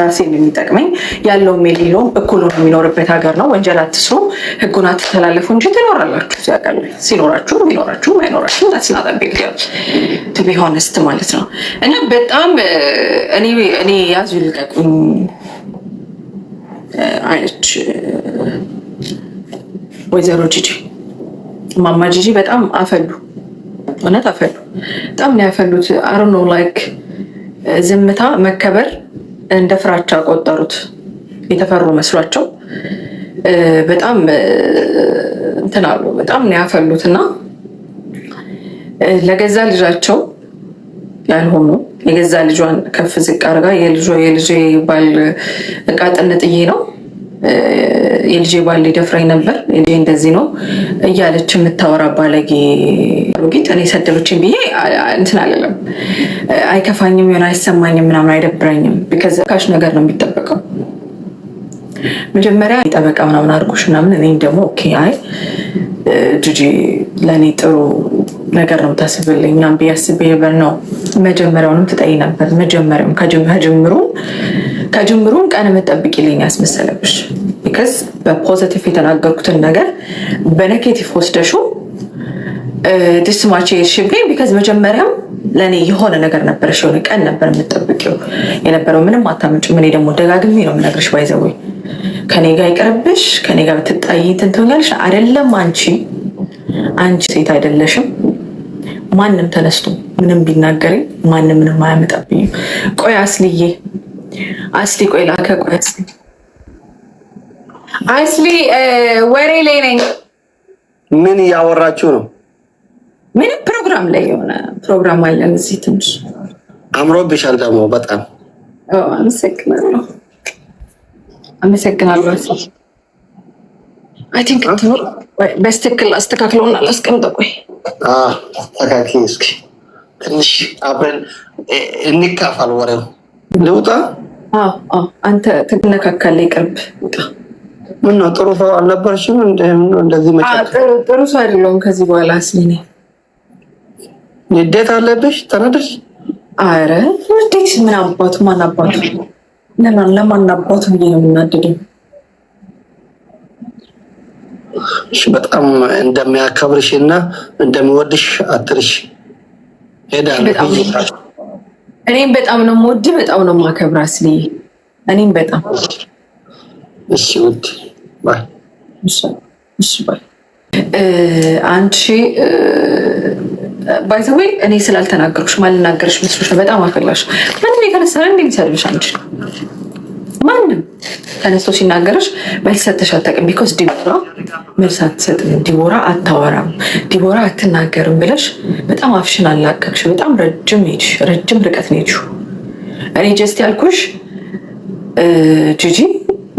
ራሴን የሚጠቅመኝ ያለውም የሌለውም እኩል ሆኖ የሚኖርበት ሀገር ነው። ወንጀል አትስሩ፣ ህጉን አትተላለፉ እንጂ ትኖራላችሁ። ሲያቀል ሲኖራችሁ ቢኖራችሁ አይኖራችሁ ስናጠቤ ቢሆንስት ማለት ነው እና በጣም እኔ እኔ ያዙ ልቀቁኝ አይነች ወይዘሮ ጂጂ ማማ ጂጂ በጣም አፈሉ፣ እውነት አፈሉ። በጣም ነው ያፈሉት። አሮ ነው ላይክ ዝምታ መከበር እንደ ፍራቻ ቆጠሩት። የተፈሩ መስሏቸው በጣም እንትን አሉ። በጣም ነው ያፈሉት እና ለገዛ ልጃቸው ያልሆኑ የገዛ ልጇን ከፍ ዝቅ አድርጋ የልጇ ባል እቃ ጥንጥዬ ነው የልጄ ባል ሊደፍረኝ ነበር፣ ልጄ እንደዚህ ነው እያለች የምታወራ ባለጌ ሮጊት እኔ ሰደበችን ብዬ እንትን አለለም። አይከፋኝም፣ የሆነ አይሰማኝም፣ ምናምን አይደብረኝም። ቢከዛ ካሽ ነገር ነው የሚጠበቀው መጀመሪያ ጠበቃ ምናምን አድርጎሽ ምናምን እኔም ደግሞ ኦኬ አይ ጂጂ ለእኔ ጥሩ ነገር ነው ታስብልኝ ምናምን ብዬ አስቤ ነበር። ነው መጀመሪያውንም ትጠይ ነበር መጀመሪያውም ከጅምሩ ከጅምሩም ቀን የምጠብቂልኝ ያስመሰለብሽ። ቢካዝ በፖዘቲቭ የተናገርኩትን ነገር በኔጌቲቭ ወስደሹ ዲስማቼ ሽብኝ ቢካዝ መጀመሪያም ለእኔ የሆነ ነገር ነበረሽ፣ የሆነ ቀን ነበር የምጠብቂው የነበረው። ምንም አታመጭ እኔ ደግሞ ደጋግሜ ነው የምነግርሽ። ባይዘወይ ከኔ ጋር ይቅርብሽ፣ ከኔ ጋር ብትጣይ ትንትኛልሽ አይደለም አንቺ አንቺ ሴት አይደለሽም። ማንም ተነስቶ ምንም ቢናገረኝ ማንም ምንም አያመጣብኝም። ቆይ አስልዬ አስሊ ቆይ ላከ ቆይ አስሊ አስሊ ወሬ ላይ ነኝ። ምን እያወራችሁ ነው? ምን ፕሮግራም ላይ የሆነ ፕሮግራም አለን እዚህ። ትንሽ አምሮብሻል ደግሞ በጣም አመሰግናለሁ። አመሰግናለሁ። አይ ቲንክ በስትክክል አስተካክለውና አላስቀምጠው። ቆይ አስተካክል እስኪ ትንሽ አብረን እንካፋል። ወሬው ልውጣ አንተ ትነካካለህ። ይቅርብ ውጣ። ምነው ጥሩ ሰው አልነበረሽም? እንደዚህ ጥሩ ሰው አይደለሁም ከዚህ በኋላ አስሊኔ። ንዴት አለብሽ? ተናደሽ? አረ ንዴት ምን አባቱ ማን አባቱ ለማን አባቱ ብዬ ነው የምናደደው። እሺ በጣም እንደሚያከብርሽ እና እንደሚወድሽ አትርሽ ሄዳለሁ እኔም በጣም ነው ሞድ በጣም ነው የማከብር። አስሌ እኔም በጣም እሺ ውድ ባይ እሺ ባይ አንቺ ባይዘዌ እኔ ስላልተናገርኩሽ ማልናገርሽ መስሎሽ ነው። በጣም አፈላሽ ምንም የተነሳ እንዴ ሊሰልብሽ አንቺ ማንም ተነስቶ ሲናገርሽ መልስ ሰጥተሽ አታውቅም። ቢኮዝ ዲቦራ መልስ አትሰጥም፣ ዲቦራ አታወራም፣ ዲቦራ አትናገርም ብለሽ በጣም አፍሽን አላቀቅሽ። በጣም ረጅም ሄድሽ፣ ረጅም ርቀት ነው ሄድሽው። እኔ ጀስት ያልኩሽ ጂጂ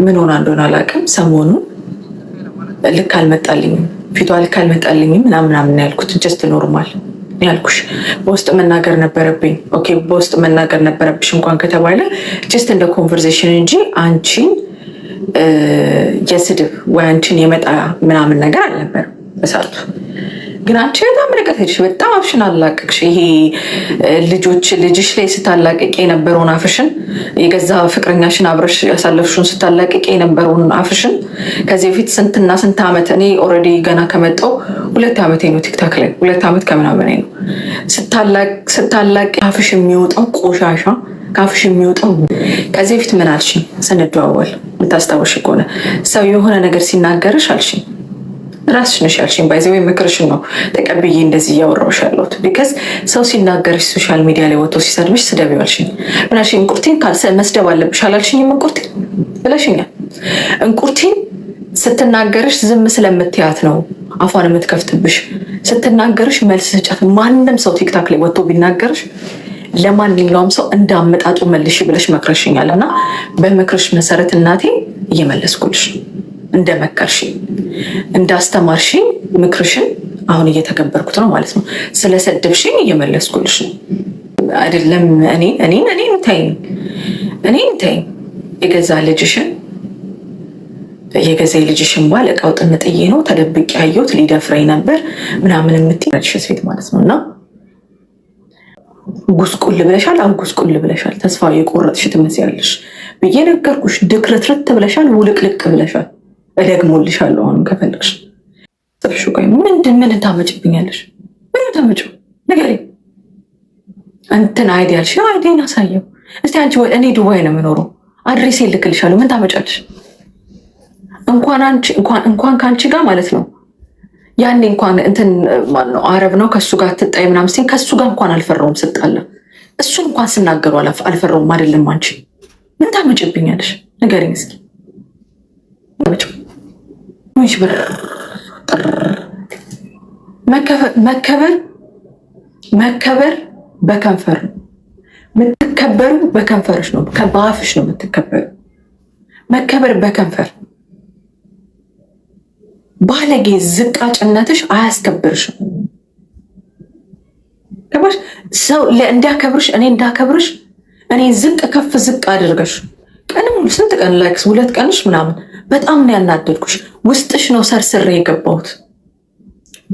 ምን ሆና እንደሆነ አላውቅም። ሰሞኑን ልክ አልመጣልኝም፣ ፊቷ ልክ አልመጣልኝም ምናምን ምናምን ያልኩት ጀስት ኖርማል ያልኩሽ በውስጥ መናገር ነበረብኝ። ኦኬ በውስጥ መናገር ነበረብሽ እንኳን ከተባለ ጀስት እንደ ኮንቨርሴሽን እንጂ አንቺን የስድብ ወይ አንቺን የመጣ ምናምን ነገር አልነበርም በሳቱ ግን አንቺ በጣም ርቀትሽ በጣም አፍሽን አላቅቅሽ። ይሄ ልጆች ልጅሽ ላይ ስታላቅቅ የነበረውን አፍሽን የገዛ ፍቅረኛሽን አብረሽ ያሳለፍሽን ስታላቅቅ የነበረውን አፍሽን ከዚህ በፊት ስንትና ስንት ዓመት እኔ ኦልሬዲ ገና ከመጣሁ ሁለት ዓመት ነው ቲክታክ ላይ ሁለት ዓመት ከምናምን ነው ስታላቅ አፍሽ የሚወጣው ቆሻሻ ከአፍሽ የሚወጣው ከዚህ በፊት ምን አልሽኝ ስንደዋወል የምታስታውሽ ከሆነ ሰው የሆነ ነገር ሲናገርሽ አልሽኝ ራስሽ ነሽ ያልሽኝ ባይዘ ወይ ምክርሽን ነው ተቀብዬ እንደዚህ እያወራሁሽ ያለሁት። ቢከስ ሰው ሲናገርሽ ሶሻል ሚዲያ ላይ ወጥቶ ሲሰድብሽ ስደብ አልሽኝ። ምን እንቁርቲን መስደብ አለብሽ አላልሽኝም? እንቁርቴን ብለሽኛል። እንቁርቲን ስትናገርሽ ዝም ስለምትያት ነው አፏን የምትከፍትብሽ። ስትናገርሽ መልስ ስጫት። ማንም ሰው ቲክታክ ላይ ወጥቶ ቢናገርሽ ለማንኛውም ሰው እንዳመጣጡ መልሽ ብለሽ መክረሽኛል። እና በምክርሽ መሰረት እናቴ እየመለስኩልሽ እንደመከርሽኝ እንዳስተማርሽኝ ምክርሽን አሁን እየተገበርኩት ነው ማለት ነው። ስለሰደብሽኝ እየመለስኩልሽ ነው። አይደለም እኔ እኔን እኔን ተይኝ እኔን ተይኝ የገዛ ልጅሽን የገዛ ልጅሽን ባል እቃው ጥንጥዬ ነው ተደብቄ ያየሁት ሊደፍረኝ ነበር ምናምን የምትሽ ሴት ማለት ነው። እና ጉስቁል ብለሻል። አሁን ጉስቁል ብለሻል። ተስፋ የቆረጥሽ ትመስያለሽ ብዬ ነገርኩሽ። ድክርትርት ብለሻል። ውልቅልቅ ብለሻል። እደግሞልሻለሁ። አሁን ከፈለግሽ ጽፍሹ ቆይ ምንድን ምን ታመጭብኛለሽ? ምን ታመጭ ነገር እንትን አይዲ ያልሽ አይዲን አሳየው እስቲ አንቺ። እኔ ዱባይ ነው የምኖረው፣ አድሬስ ልክልሻለሁ። ምን ታመጫለሽ? እንኳን ከአንቺ ጋር ማለት ነው ያኔ እንኳን እንትን ማነው አረብ ነው ከሱ ጋር ትጣይ ምናምን ሲል ከሱ ጋር እንኳን አልፈራውም ስጣለ እሱን እንኳን ስናገሩ አልፈራውም። አይደለም አንቺ ምን ታመጭብኛለሽ? ንገሪኝ እስኪ። ምንሽ ብር መከበር መከበር በከንፈር የምትከበሩ። በከንፈርሽ ነው በአፍሽ ነው የምትከበሩ። መከበር በከንፈር ባለጌ ዝቃጭነትሽ አያስከብርሽም። ገባሽ? ሰው እንዲያከብርሽ እኔ እንዳከብርሽ እኔ ዝቅ ከፍ ዝቅ አድርገሽ ቀንም ስንት ቀን ላይክስ ሁለት ቀንሽ ምናምን በጣም ነው ያናደድኩሽ። ውስጥሽ ነው ሰርስሬ የገባሁት።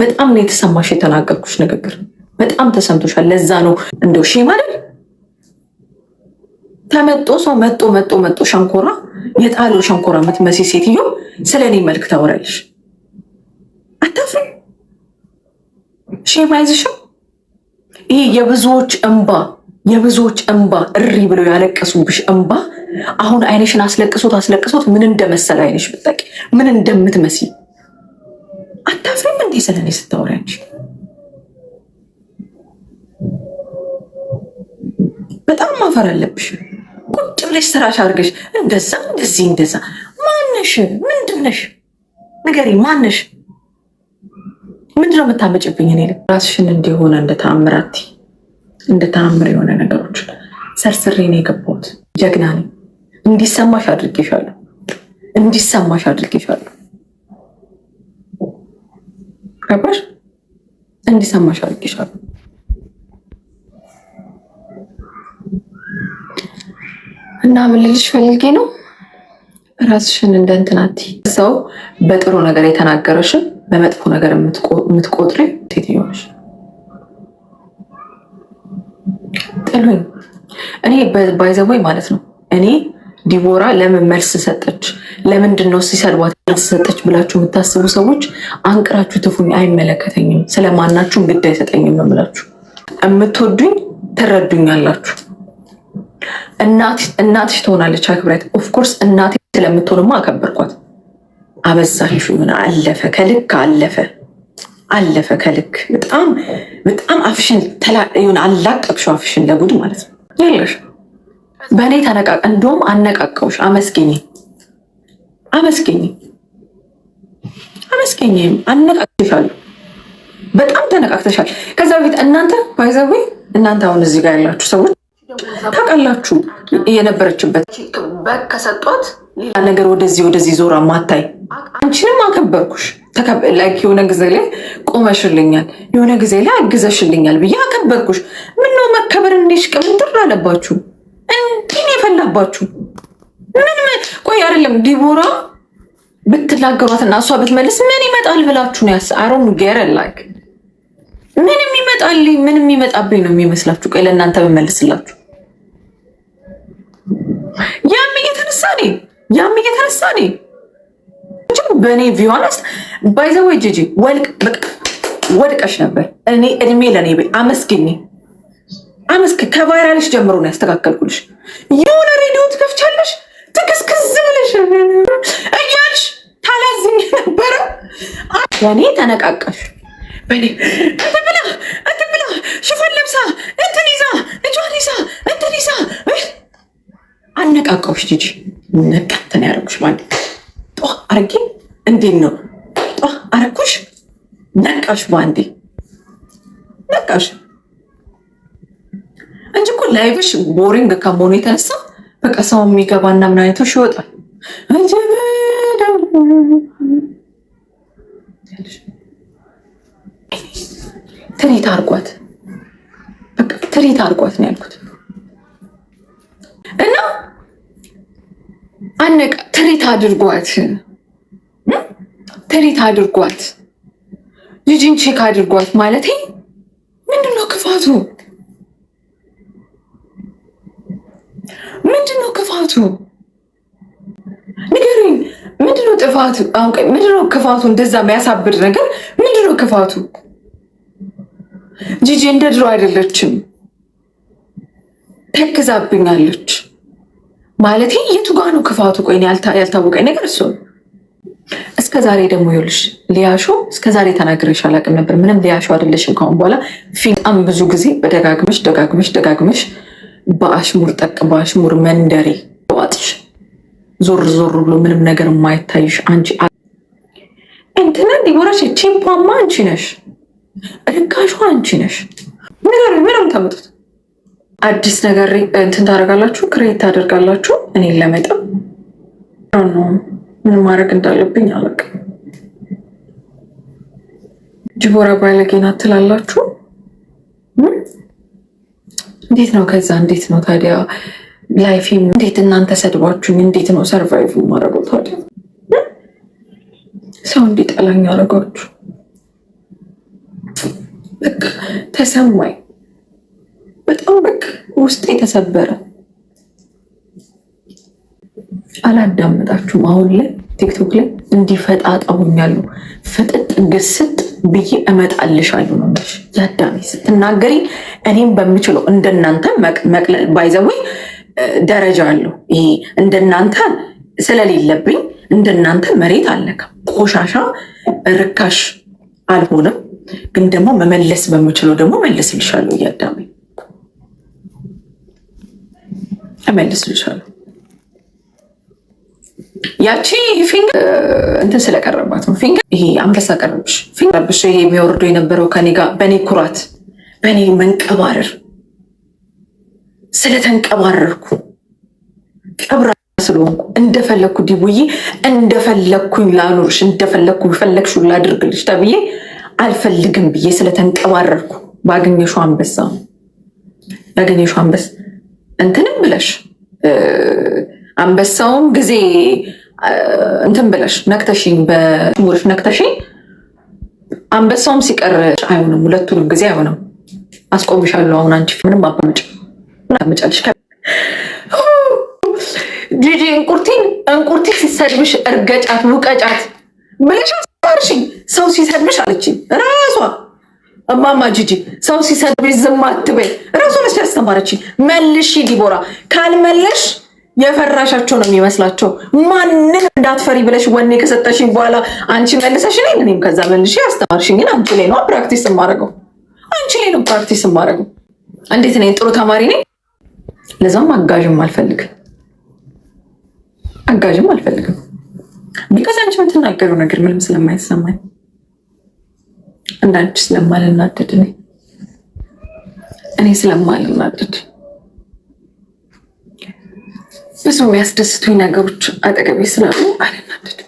በጣም ነው የተሰማሽ የተናገርኩሽ ንግግር በጣም ተሰምቶሻል። ለዛ ነው እንደው ሺ ማለት ተመጦ ሰው መጦ መጦ መጦ ሸንኮራ የጣለው ሸንኮራ የምትመሲ ሴትዮ ስለ እኔ መልክ ታወራለሽ። አታፍሪም? ሺ አይዝሽም? ይሄ የብዙዎች እንባ የብዙዎች እንባ እሪ ብለው ያለቀሱብሽ እንባ አሁን አይንሽን አስለቅሶት አስለቅሶት ምን እንደመሰለ አይንሽ ብጠቂ ምን እንደምትመሲ አታፍሪም እንዴ? ስለኔ ስታወሪ አንቺ በጣም ማፈር አለብሽ። ቁጭ ብለሽ ስራሽ አድርገሽ እንደዛ እንደዚህ እንደዛ ማነሽ? ምንድነሽ? ንገሪ ማነሽ? ምንድነው የምታመጭብኝ? እኔ ራስሽን እንዲሆነ እንደ ተአምራት እንደ ተአምር የሆነ ነገሮች ሰርስሬ ነው የገባሁት። ጀግና ነኝ። እንዲሰማሽ አድርጌሻለሁ። እንዲሰማሽ አድርጌሻለሁ። ገባሽ? እንዲሰማሽ አድርጌሻለሁ። እና ምን ልልሽ ፈልጌ ነው ራስሽን እንደ ሰው በጥሩ ነገር የተናገረሽን በመጥፎ ነገር የምትቆጥሪ ሴትዮ ጥሉኝ እኔ ባይዘወይ ማለት ነው እኔ ዲቦራ ለምን መልስ ሰጠች? ለምንድን ነው ሲሰድቧት መልስ ሰጠች ብላችሁ የምታስቡ ሰዎች አንቅራችሁ ትፉኝ። አይመለከተኝም፣ ስለማናችሁ ግድ አይሰጠኝም ነው እምላችሁ። የምትወዱኝ ትረዱኛላችሁ። እናትሽ ትሆናለች አክብሪያት። ኦፍኮርስ እናቴ ስለምትሆንማ አከበርኳት። አበዛሽ፣ ምን አለፈ ከልክ አለፈ አለፈ ከልክ በጣም በጣም አፍሽን አላቀቅሽው። አፍሽን ለጉድ ማለት ነው ያለሽ በእኔ ተነቃቀ። እንደውም አነቃቀውሽ። አመስገኝ አመስገኝ አመስገኝ አነቃቅሻለሁ። በጣም ተነቃቅተሻል። ከዛ በፊት እናንተ ባይዘዌ እናንተ አሁን እዚህ ጋር ያላችሁ ሰዎች ታውቃላችሁ የነበረችበት በግ ከሰጧት ሌላ ነገር ወደዚህ ወደዚህ ዞራ ማታይ። አንቺንም አከበርኩሽ። የሆነ ጊዜ ላይ ቆመሽልኛል፣ የሆነ ጊዜ ላይ አግዘሽልኛል ብዬ አከበርኩሽ። ምነው መከበር እንዲሽቅም ምንድር አለባችሁ? እንዲህ የፈላባችሁ ምንም ቆይ አይደለም ዲቦራ ብትናገሯትና እሷ ብትመልስ ምን ይመጣል ብላችሁ ነው ያስ አሮን ጌረን ላይክ ምንም ይመጣል ምንም ይመጣብኝ ነው የሚመስላችሁ? ቆይ ለእናንተ ብመልስላችሁ ያም እየተነሳ ኔ ያም እየተነሳ ኔ በእኔ ቪዋነስ ጂጂ ወልቅ ወድቀሽ ነበር። እኔ እድሜ ለእኔ አመስግኝ አመስክ ከቫይራልሽ ጀምሮ ነው ያስተካከልኩልሽ። የሆነ ሬዲዮ ትከፍቻለሽ ትክስክዝ ብለሽ እያልሽ ታላዝኝ ነበረ። ያኔ ተነቃቃሽ። ትብላ ትብላ ሽፋን ለብሳ እንትን ይዛ እጇን ይዛ እንትን ይዛ አነቃቀውሽ። ጂጂ ነቀትን እንትን ያደረጉሽ ማለት ጧ አረጌ እንዴት ነው ጧ አረኩሽ። ነቃሽ፣ ባንዴ ነቃሽ። እንጂ እኮ ላይቭሽ ቦሪንግ ከመሆኑ የተነሳ በቃ ሰው የሚገባና ምን አይነቶች ይወጣል። ትሪት አርጓት በቃ ትሪት አርጓት ነው ያልኩት። እና አነቃ ትሪት አድርጓት፣ ትሪት አድርጓት፣ ልጅን ቼክ አድርጓት። ማለት ምንድነው ክፋቱ? ምንድን ነው ክፋቱ? ንገሩኝ። ምንድን ነው ጥፋቱ? ምንድን ነው ክፋቱ? እንደዛ የሚያሳብድ ነገር ምንድን ነው ክፋቱ? ጂጂ እንደ ድሮ አይደለችም፣ ተክዛብኛለች። ማለት የቱ ጋ ነው ክፋቱ? ቆይ ያልታወቀኝ ነገር እሱ እስከ ዛሬ ደግሞ ይኸውልሽ፣ ሊያሾ እስከ ዛሬ ተናግሬሽ አላውቅም ነበር። ምንም ሊያሾ አይደለሽም። ከአሁን በኋላ ፊንጣም ብዙ ጊዜ በደጋግመሽ ደጋግመሽ ደጋግመሽ በአሽሙር ጠቅ በአሽሙር መንደሬ ዋጥሽ ዞር ዞር ብሎ ምንም ነገር የማይታይሽ አንቺ እንትና እንዲጎረሽ ቺፓማ አንቺ ነሽ፣ ርካሹ አንቺ ነሽ። ነገር ምንም ተመጡት አዲስ ነገር እንትን ታደርጋላችሁ፣ ክሬት ታደርጋላችሁ። እኔ ለመጠም ምን ማድረግ እንዳለብኝ አላውቅም። ጅቦራ ባለጌ ናት ትላላችሁ። እንዴት ነው ከዛ እንዴት ነው ታዲያ ላይፍ እንዴት እናንተ ሰድባችሁኝ እንዴት ነው ሰርቫይቭ ማድረጉ ታዲያ ሰው እንዲጠላኝ አረጋችሁ በቃ ተሰማኝ በጣም በቃ ውስጤ ተሰበረ አላዳመጣችሁም አሁን ላይ ቲክቶክ ላይ እንዲፈጣጣ ሆኛለሁ ፍጥጥ ግስጥ ብዬ እመጣልሻሉ ነው ያዳሜ ስትናገሪ እኔም በምችለው እንደናንተ ባይዘዊ ደረጃ አለው። ይሄ እንደናንተ ስለሌለብኝ እንደናንተ መሬት አልነካም፣ ቆሻሻ ርካሽ አልሆንም። ግን ደግሞ መመለስ በምችለው ደግሞ መለስ እያዳሚ መለስ እመልስልሻለሁ። ያቺ ፊንገር እንትን ስለቀረባት ነው። ፊንገር ይሄ አንበሳ ቀረብሽ፣ ፊንገር ይሄ የሚወርዱ የነበረው ከኔ ጋር በእኔ ኩራት በእኔ መንቀባረር ስለተንቀባረርኩ ቀብራ ስለሆንኩ እንደፈለግኩ ዲቡዬ እንደፈለግኩኝ ላኖርሽ እንደፈለግኩ ፈለግሽ ላድርግልሽ ተብዬ አልፈልግም ብዬ ስለተንቀባረርኩ ባገኘሹ አንበሳ ባገኘሹ አንበሳ እንትንም ብለሽ አንበሳውም ጊዜ እንትን ብለሽ ነክተሽኝ በሽ ነክተሽኝ አንበሳውም ሲቀር አይሆንም፣ ሁለቱንም ጊዜ አይሆንም። አስቆምሻለሁ። አሁን አንቺ ምንም አባመጭ መጫልሽ ጂጂ እንቁርቲን እንቁርቲ ሲሰድብሽ እርገጫት ውቀጫት ብለሽ አስማርሽኝ። ሰው ሲሰድብሽ አለችኝ ራሷ እማማ ጂጂ ሰው ሲሰድብሽ ዝም አትበይ። ራሷ መስ ያስተማረችኝ። መልሽ ዲቦራ፣ ካልመለሽ የፈራሻቸው ነው የሚመስላቸው። ማንም እንዳትፈሪ ብለሽ ወኔ ከሰጠሽኝ በኋላ አንቺ መልሰሽ እኔም ከዛ መልሽ ያስተማርሽኝን አንቺ ላይ ነው ፕራክቲስ የማደርገው። አንቺ ላይ ነው ፕራክቲስ ማድረጉ። እንዴት ነኝ? ጥሩ ተማሪ ነኝ። ለዛም አጋዥም አልፈልግም፣ አጋዥም አልፈልግም። ቢቀዝ አንቺ የምትናገረው ነገር ምንም ስለማይሰማኝ እንዳንቺ ስለማልናደድ እኔ እኔ ስለማልናደድ ብዙ የሚያስደስቱኝ ነገሮች አጠገቤ ስላሉ አልናደድም።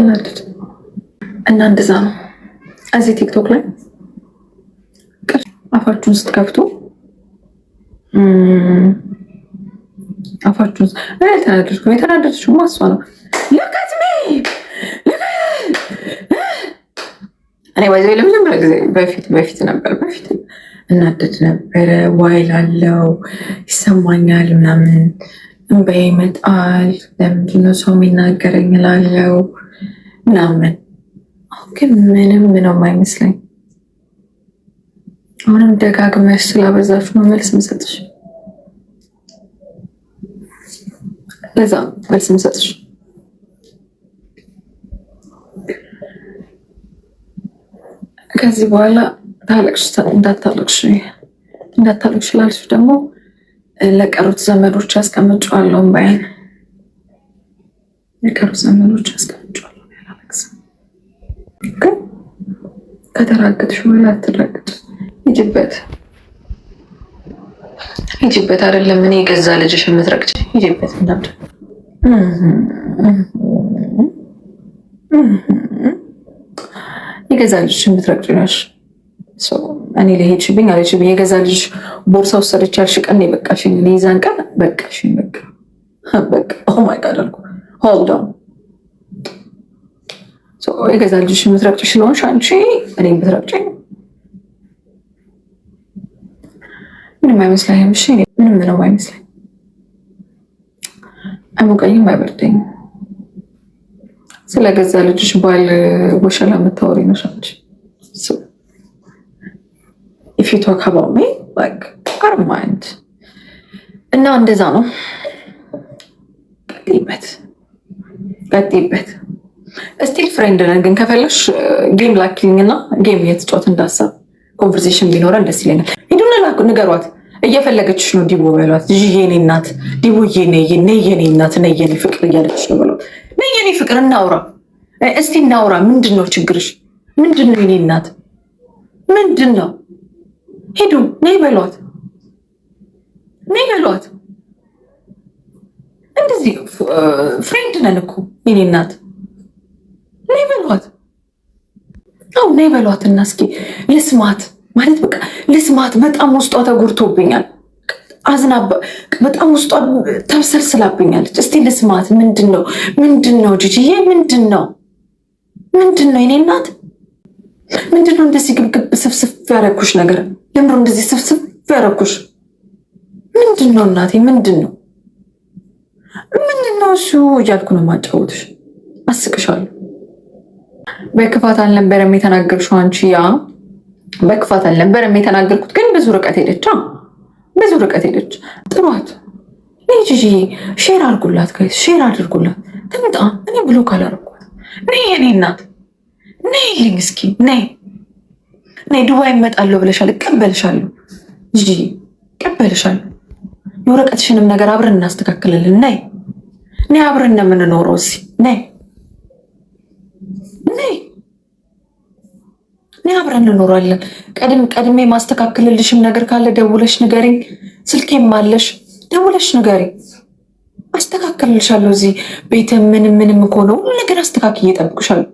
እናድድ እና እንደዛ ነው። እዚህ ቲክቶክ ላይ አፋችሁን ስትከፍቱ አፋችሁን የተናደድኩ የተናደደችው ማሷ ነው። ልከትሜ እኔ ባይዘ ለመጀመሪያ ጊዜ በፊት በፊት ነበር በፊት እናደድ ነበረ። ዋይል አለው ይሰማኛል ምናምን እንበ ይመጣል። ለምንድነው ሰው የሚናገረኝ ላለው ምናምን። አሁን ግን ምንም ምንም አይመስለኝ። አሁንም ደጋግመሽ ስላበዛችሁ ነው መልስ ምሰጥሽ። ለዛ መልስ ምሰጥሽ ከዚህ በኋላ ታለቅሽ እንዳታለቅሽ እንዳታለቅሽ ላልሽ ደግሞ ለቀሩት ዘመዶች ያስቀምጫዋለሁ። ባይን ለቀሩት ዘመዶች ያስቀምጫዋለሁ። ግን ከተራገጥሽ በኋላ አትራገጥ ይጅበት ይጅበት አይደለም እኔ የገዛ ልጅሽ የምትረግጭ ይጅበት እንዳብደ የገዛ ልጅሽ የምትረግጭ ነሽ። እኔ ለሄድሽብኝ አለችብኝ። የገዛ ልጅሽ ቦርሳ ወሰደች ያልሽ ቀን ነው የበቃሽኝ። እኔ ይዛን ቀን በቃሽኝ። በቃ በቃ ኦ ማይ ጋድ አልኩ ሆልድ ኦን የገዛ ልጅሽ የምትረቅጭ ስለሆንሽ አንቺ እኔ የምትረቅጭኝ ምንም አይመስለኝም። ምንም ነው አይመስለኝ፣ አይሞቀኝም፣ አይበርደኝም። ስለ ገዛ ልጅሽ ባል ወሸላ የምታወሪ ነሽ አንቺ። ኢፍ ዩ ቶክ አባውት ሚ ላይክ ማይንድ እና እንደዛ ነው። ቀጥይበት፣ ቀጥይበት ስቲል ፍሬንድ ነን፣ ግን ከፈለሽ ጌም ላኪልኝ እና ጌም እየተጫወት እንዳሰብ ኮንቨርሴሽን ቢኖረን ደስ ይለኛል። ሂዱና ንገሯት እየፈለገችሽ ነው ዲቦ በሏት። ይ የኔ እናት ዲቦ የኔ የኔ እናት ነ የኔ ፍቅር እያለች ነው ብሏት። ነ የኔ ፍቅር እናውራ እስቲ እናውራ። ምንድን ነው ችግርሽ? ምንድን ነው የኔ እናት ምንድን ነው? ሂዱ ነይ በሏት፣ ነይ በሏት። እንደዚህ ፍሬንድ uh, ነን እኮ የኔ እናት ነይ በሏት። አዎ ነይ በሏት እና እስኪ ልስማት ማለት በቃ ልስማት። በጣም ውስጧ ተጎድቶብኛል። አዝና በጣም ውስጧ ተብሰልስላብኛለች። እስቲ ልስማት። ምንድን ነው ምንድን ነው ጂጂዬ? ምንድን ነው ምንድን ነው የኔ እናት? ምንድን ነው እንደዚህ ግብግብ ስፍስፍ ያረኩሽ ነገር? ለምሮ እንደዚህ ስፍስፍ ያረኩሽ ምንድን ነው እናቴ? ምንድን ነው ምንድን ነው እሱ? እያልኩ ነው ማጫወትሽ። አስቅሻለሁ በክፋት አልነበረም የተናገርሽው አንቺ። ያ በክፋት አልነበረም የተናገርኩት፣ ግን ብዙ ርቀት ሄደች፣ ብዙ ርቀት ሄደች። ጥሯት ልጅ ሼር አድርጉላት፣ ጋይስ ሼር አድርጉላት፣ ትምጣ። እኔ ብሎ ካላረኳት ነይ፣ የኔ እናት ነይ፣ ልኝ እስኪ ነይ፣ ነይ። ዱባይ እመጣለሁ ብለሻል፣ እቀበልሻለሁ፣ ጂጂ እቀበልሻለሁ። የወረቀትሽንም ነገር አብረን እናስተካክልልን። ነይ፣ ነይ፣ አብረን ነው የምንኖረው። እሲ ነይ እኔ አብረን እንኖራለን። ቀድም ቀድሜ ማስተካከልልሽም ነገር ካለ ደውለሽ ንገሪኝ። ስልኬም አለሽ፣ ደውለሽ ንገሪኝ። አስተካከልልሻለሁ። እዚህ ቤት ምንም ምንም ከሆነ ሁሉ ነገር አስተካክዬ እጠብቅሻለሁ።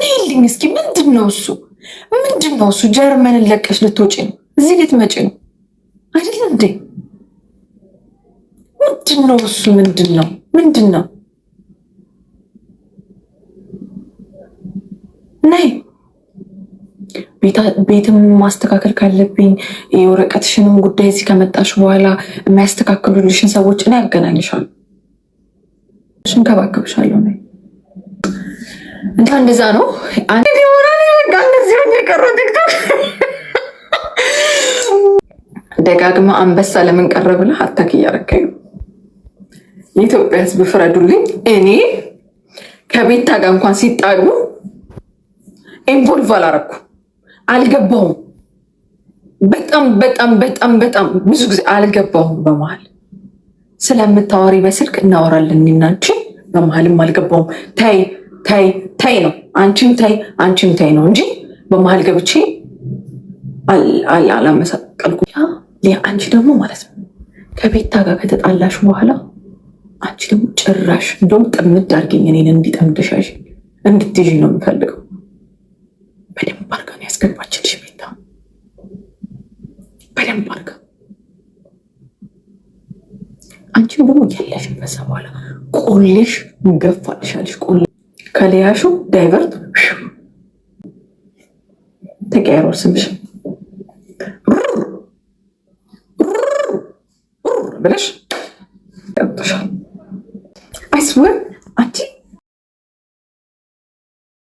ነይልኝ እስኪ። ምንድን ነው እሱ? ምንድን ነው እሱ? ጀርመንን ለቀሽ ልትወጪ ነው? እዚህ ልትመጪ ነው አይደለ እንዴ? ምንድን ነው እሱ? ምንድን ነው ምንድን ነው ነይ ቤትም ማስተካከል ካለብኝ የወረቀትሽንም ጉዳይ እዚህ ከመጣሽ በኋላ የሚያስተካክሉልሽን ሰዎች እኔ ያገናኝሻለሁ፣ እንከባከብሻለሁ። እና እንደዛ ነው ደጋግማ አንበሳ ለምን ቀረ ብላ አታክ እያረከኝ የኢትዮጵያ ሕዝብ ፍረዱልኝ። እኔ ከቤታ ጋር እንኳን ሲጣሉ ኢንቮልቭ አላረኩ አልገባውም በጣም በጣም በጣም በጣም ብዙ ጊዜ አልገባውም። በመሀል ስለምታወሪ በስልክ እናወራለን እኔና በመሀልም ታይ ታይ ታይ ነው አንቺም ታይ አንቺም ታይ ነው እንጂ በመሀል ገብቼ አላመሳቀልኩ። አንቺ ደግሞ ማለት ነው ከቤታ ጋር ከተጣላሽ በኋላ አንቺ ደግሞ ጭራሽ እንደውም ጥምድ አድርገኝ እኔን እንዲጠምድሻሽ እንድትይዥ ነው የምፈልገው። በደንብ አርጋ ነው ያስገባችን ሽቤታ በደንብ አርጋ። አንቺም ደግሞ ያለሽበት በኋላ ቆልሽ ገፋልሻለሽ። ቆል ከለያሹ ዳይቨርት ተቀያሮ ስምሽ ብለሽ ጠጥሻል። አይስወር አንቺ